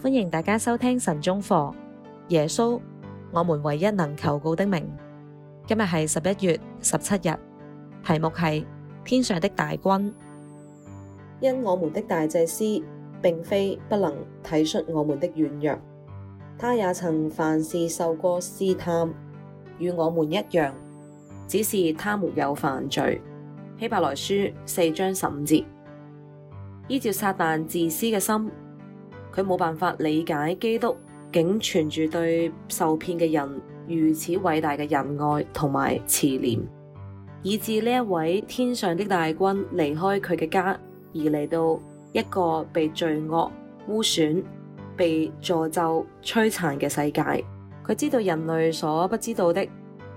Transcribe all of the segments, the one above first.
歡迎大家收聽晨鐘課，耶穌，我們唯一能求告的名。今日係十一月十七日，題目係天上的大君。因我們的大祭司並非不能體恤我們的軟弱，他也曾凡事受過試探，與我們一樣，只是他沒有犯罪。希伯來書四章十五節，依照撒旦自私嘅心。佢冇辦法理解基督竟存住對受騙嘅人如此偉大嘅仁愛同埋慈憐，以致呢一位天上的大君離開佢嘅家，而嚟到一個被罪惡污損、被詛咒、摧殘嘅世界。佢知道人類所不知道的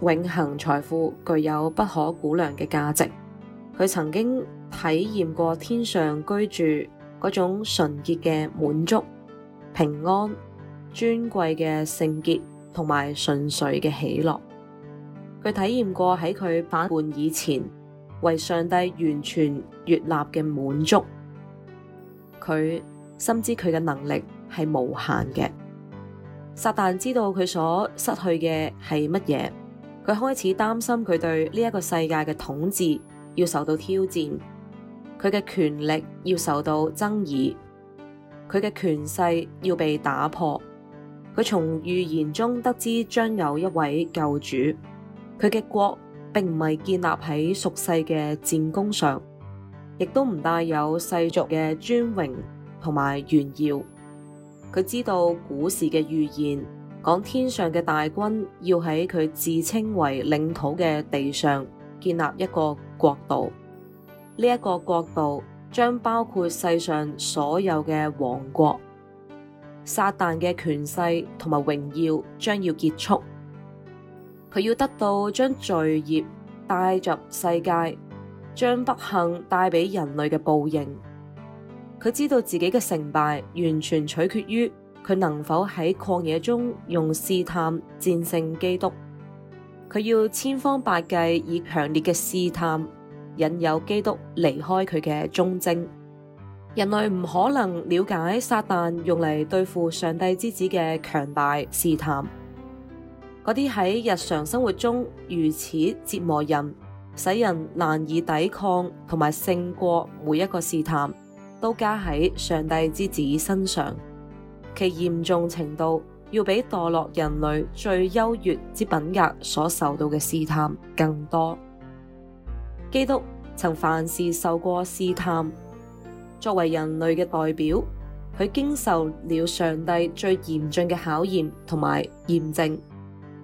永恆財富具有不可估量嘅價值。佢曾經體驗過天上居住。嗰種純潔嘅滿足、平安、尊貴嘅聖潔，同埋純粹嘅喜樂，佢體驗過喺佢反叛以前為上帝完全悅納嘅滿足，佢深知佢嘅能力係無限嘅。撒旦知道佢所失去嘅係乜嘢，佢開始擔心佢對呢一個世界嘅統治要受到挑戰。佢嘅權力要受到爭議，佢嘅權勢要被打破。佢從預言中得知將有一位救主，佢嘅國並唔係建立喺屬世嘅戰功上，亦都唔帶有世俗嘅尊榮同埋炫耀。佢知道古時嘅預言講天上嘅大君要喺佢自稱為領土嘅地上建立一個國度。呢一個國度將包括世上所有嘅王國，撒旦嘅權勢同埋榮耀將要結束。佢要得到將罪孽帶入世界，將不幸帶俾人類嘅報應。佢知道自己嘅成敗完全取決於佢能否喺曠野中用試探戰勝基督。佢要千方百計以強烈嘅試探。引誘基督離開佢嘅忠貞，人類唔可能了解撒旦用嚟對付上帝之子嘅強大試探。嗰啲喺日常生活中如此折磨人，使人難以抵抗，同埋勝過每一個試探，都加喺上帝之子身上，其嚴重程度要比墮落人類最優越之品格所受到嘅試探更多。基督曾凡事受過試探，作為人類嘅代表，佢經受了上帝最嚴峻嘅考驗同埋驗證。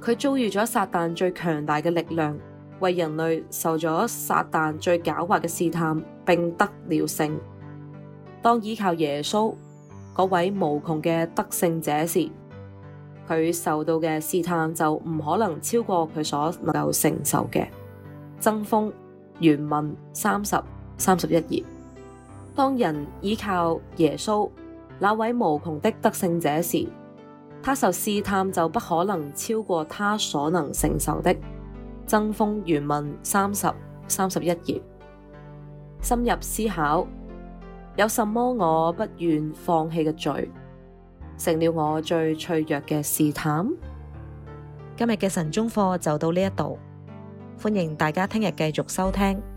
佢遭遇咗撒旦最強大嘅力量，為人類受咗撒旦最狡猾嘅試探，並得了勝。當依靠耶穌嗰位無窮嘅得勝者時，佢受到嘅試探就唔可能超過佢所能夠承受嘅爭鋒。原文三十，三十一頁，當人依靠耶穌那位無窮的得勝者時，他受試探就不可能超過他所能承受的。爭鋒。原文三十，三十一頁。深入思考，有什麼我不願放棄嘅罪，成了我最脆弱嘅試探？今日嘅神中課就到呢一度。歡迎大家聽日繼續收聽。